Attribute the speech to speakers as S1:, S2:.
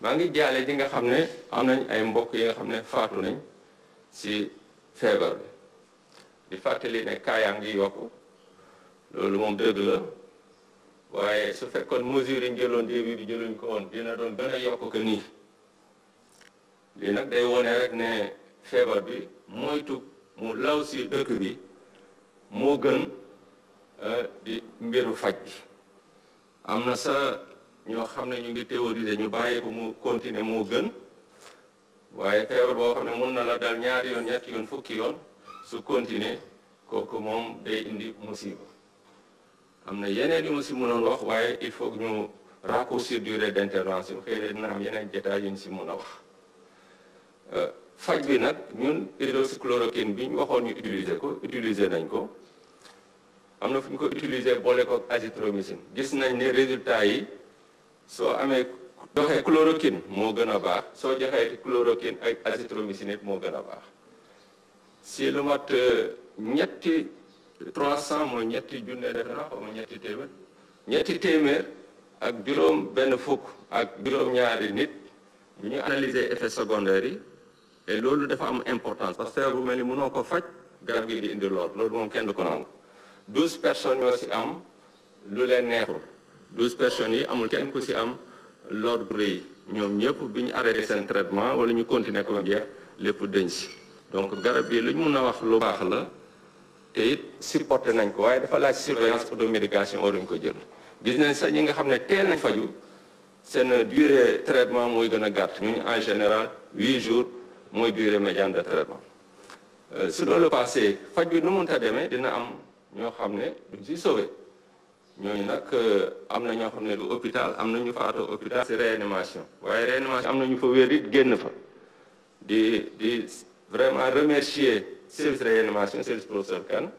S1: maa ngi jaale ji nga xam ne am nañ ay mbokk yi nga xam ne faatu nañ si feebar bi di fàttali ne kaayaa ngi yokku loolu moom dëgg la waaye su fekkoon mesure yi jëloon début bi jëluñ ko woon dina doon gën a yokk que nii lii nag day wone rek ne feebar bi moytu mu law si dëkk bi moo gën euh, di mbiru faj bi am na sa ñoo xam ne ñu ngi théoriser ñu bàyyi ko mu continuer moo gën waaye feebar boo xam ne mun na la dal ñaari yoon ñetti yoon fukki yoon su continuer kooku moom day indi musiba am na yeneen yu ma si mënoon wax waaye il faut ñu raccourcir durée d'intervention xëy na dina am yeneen jotaay yu ñu si mën a wax euh, faj bi nag ñun hydroxychloroquine bi ñu waxoon ñu utiliser ko utiliser nañ ko am na fu ñu ko utiliser boole ko azithromycine gis nañ ne résultat yi so amee a chloroquine moo gën baax chloroquine ak azithromycine a baax si lu mat euh, ñetti 300 mooy ñetti junne def na ñetti téeméer ñetti téeméer ak juróom fukk effets secondaires et loolu dafa am importance parce que bu mel ni ko di indi lool loolu kenn 12 personnes ñoo si am lu douze personnes yi amul kenn ko si am lor bu rëy ñoom ñëpp bi ñu arrêté seen traitement wala ñu continuer ko jeex lépp dëñ si donc garab yi lu ñu mun a wax lu baax la te it supporté nañ ko waaye dafa laaj surveillance automédication waruñ ko jël gis nañ sax ñi nga xam ne teel nañ faju seen durée traitement mooy gën a gàtt ñu en général huit jours mooy durée médiane de traitement euh, su loolu passé faj bi nu mun ta dina am ñoo xam ne duñ si sauvé ñooñu nag euh, am na ñoo xam ne du hôpital am na ñu faatu hôpital si réanimation waaye réanimation am na ñu fa wér it génn fa di di vraiment remercier se réanimation service professeur Kane